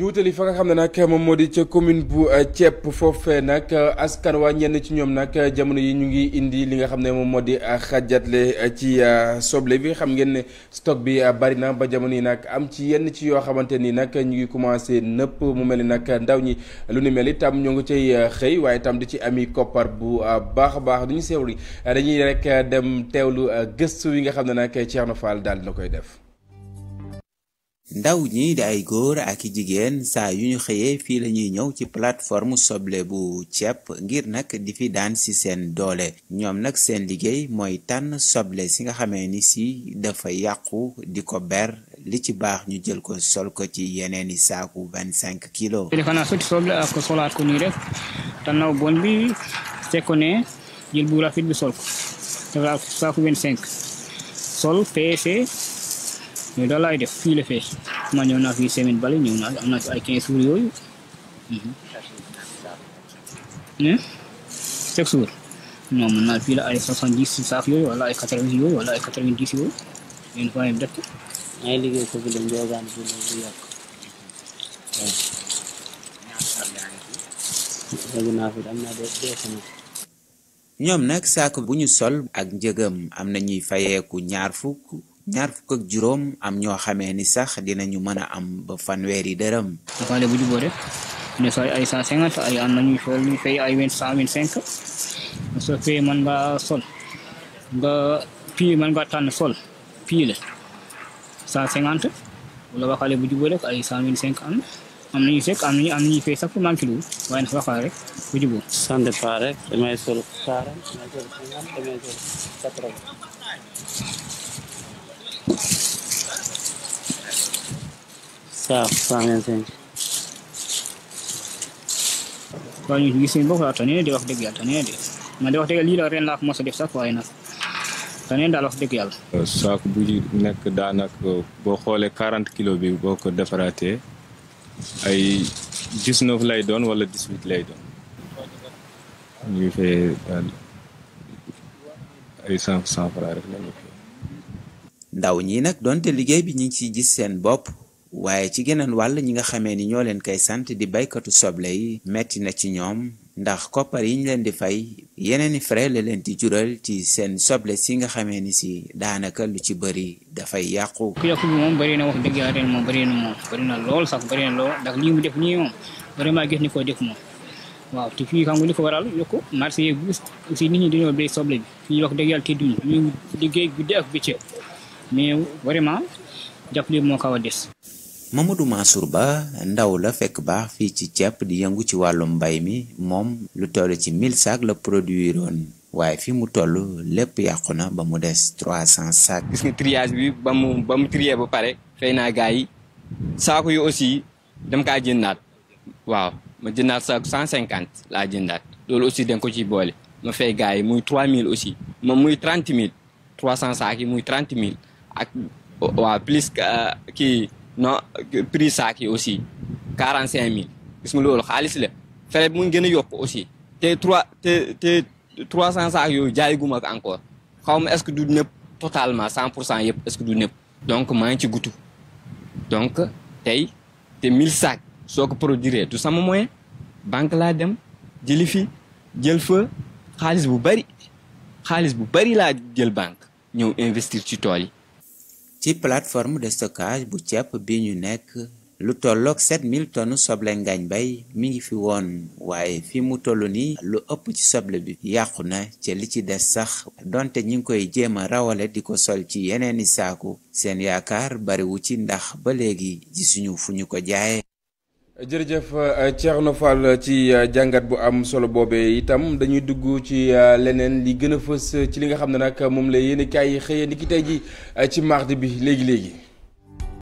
ñu wutali fa nga xam ne nag moom moo di ca commune bu euh, Thiep foofee nag euh, askan waa ñenn ci ñoom nag euh, jamono yi ñu ngi indi li nga xam ne moom moo di xajaatle ci soble bi nga xam ngeen ne stock bi bari na ba jamono yi nag am ci yenn ci yoo xamante ni nag ñu ngi commencé nëpp mu mel ni nag ndaw ñi lu ni mel itam ñoo ngi cay xëy waaye itam di ci ami koppar bu baax a baax du ñu seewul dañuy rek dem teewlu gëstu yi nga xam ne nag Thierno faal daal na koy def. ndaw ñi di ay góor ak i jigéen saa yu ñu xëyee fii lañuy ñëw ci plateforme soble bu ceeb ngir nag di fi daan si seen doole ñoom nag seen liggéey mooy tànn soble si nga xamee ni si dafa yàqu di ko ber li ci baax ñu jël ko sol ko ci yeneen yeneeni saaku vingt cinq kilos defa naa sotti soble ak solaat ko nii rek tànnaw bon bi teg ko ne jël bu rafet bi sol ko saaku vingt cinq sol peese mais daal laay def fii la fee ma ñëw naa fi semaine bale ñëw naa am naa fi ay 15 jours yooyu chaque ay 70 saaf yooyu wala ay 80 yooyu wala ay yooyu ñoom nag saako bu ñu sol ak njëgam am na ñuy fayeeku ñaar fukk. ñaar fukk ak juróom am ñoo xamee ni sax dinañu mën a am ba fanweeri dërëm. dakaale bu juboo rek ne soo ay cent cinquante ay am nañu xool ñu fay ay vingt cent vingt cinq soo fayee man nga sol nga pii mën nga tànn sol pii la cent cinquante wala waxaale bu juboo rek ay cent vingt am am nañu fekk am am nañu fay sax pour manqué lu waaye nag rek bu sol quarante Tá, Fane seen waaw ñu gis seen bopp tane di wax dëgg yàlla tane de man de wax dëgg lii la ren laa ko mos a def sax waaye nag tane daal wax dëgg yàlla. saako bu ci nekk daanaka boo xoolee quarante kilos bi boo ko defaraatee ay dix-neuf lay doon wala dix lay doon ñu fee euh, ay cent cent francs rek ndaw ñi nag donte liggéey bi ñu ngi ciy gis seen bopp waaye ci geneen wàll ñi nga xamee ni ñoo leen koy sant di baykatu soble yi metti na ci ñoom ndax koppar yi ñu leen di fay yeneen i frais la leen di jural ci seen soble si nga xamee ni si daanaka lu ci bëri dafay yàqu. yokku bi moom bëri na wax dëgg yàlla ren moom bëri na lool sax bëri na lool ndax lii mu def nii moom vraiment gis ni ko def moom waaw te fii xam nga li waral yokku marché liggéey guddi ak mais vraiment jàppale moo xaw a des. Mamadou Mansour Ba ndaw la fekk baax fii ci ceeb di yëngu ci wàllum mbay mi moom lu toll ci mille sacs la produit woon waaye fi mu toll lépp yàqu na ba mu des 300 sacs. gis nga triage bi ba mu ba mu ba pare fay naa gars yi saako yi aussi dem kaa jëndaat waaw ma jëndaat cent 150 laa jëndaat loolu aussi da ko ciy boole ma fay gars yi muy 3000 aussi moom muy 30 000 300 sacs yi muy 30 mille ak waaw plus euh, kii non prix saak yi aussi quarante cinq mille gis nga loolu xaalis la frais bi mu ngi gën a yokk aussi te trois te te trois cent saak yooyu jaayiguma ak encore xaw ma est-ce que du nëpp totalement cent pour cent yëpp est-ce que du nëpp donc maa ngi ci gutu donc tey te mille saak soo ko produire du sama moyen banque laa dem jëli fi jël fa xaalis bu bari xaalis bu bari laa jël banque ñëw investir ci tool yi ci plateforme de stockage bu ceeb bi ñu nekk lu tolloog 7000 tonnes soble Ngagne bay mi ngi fi woon waaye fi mu toll nii lu ëpp ci soble bi yàqu na ca li ci des sax donte ñi ngi koy jéem a rawale di ko sol ci yeneen yeneeni saaku seen yaakaar bariwu ci ndax ba léegi gisuñu fu ñu ko jaayee. jërëjëf euh, Thierno Fall euh, ci euh, jàngat bu am solo boobee itam dañuy dugg ci leneen li gën a fës ci li nga xam ne nag moom la yéen yi kaay xëyee ni ki tey ji ci mardi bi léegi léegi.